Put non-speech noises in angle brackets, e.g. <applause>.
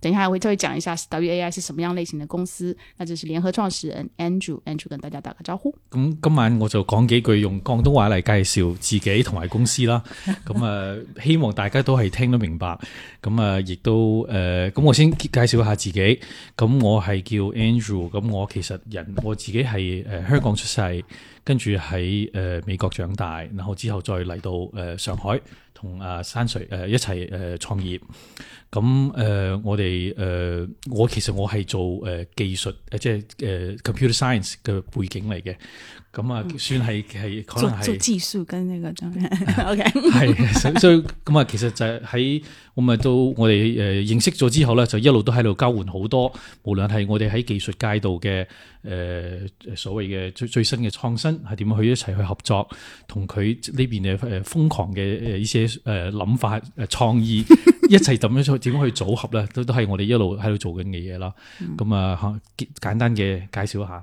等一下我會再別講一下 W.AI 是什麼樣類型的公司。那就是聯合創始人 Andrew，Andrew Andrew，跟大家打個招呼。咁今晚我就講幾句用廣東話嚟介紹自己同埋公司啦。咁啊、 <laughs> 嗯，希望大家都係聽得明白。咁、嗯、啊，亦、嗯、都誒，咁、呃嗯、我先介紹一下自己。咁、嗯、我係叫 Andrew，咁、嗯、我其實人我自己係誒、呃、香港出世，跟住喺誒美國長大，然後之後再嚟到誒、呃、上海。同阿三水誒一齊誒創業。咁誒我哋誒我其實我係做誒技術誒即係誒 computer science 嘅背景嚟嘅。咁啊，算係係可能係做，做技術跟呢個 jong，OK。係，所以咁啊，其實就係喺我咪到我哋誒、呃、認識咗之後咧，就一路都喺度交換好多，無論係我哋喺技術界度嘅誒所謂嘅最最新嘅創新係點樣去一齊去合作，同佢呢邊嘅誒瘋狂嘅誒一些誒諗、呃、法誒創意一齊咁樣去點 <laughs> 樣去組合咧，都都係我哋一路喺度做緊嘅嘢啦。咁、嗯、啊，簡簡單嘅介紹一下。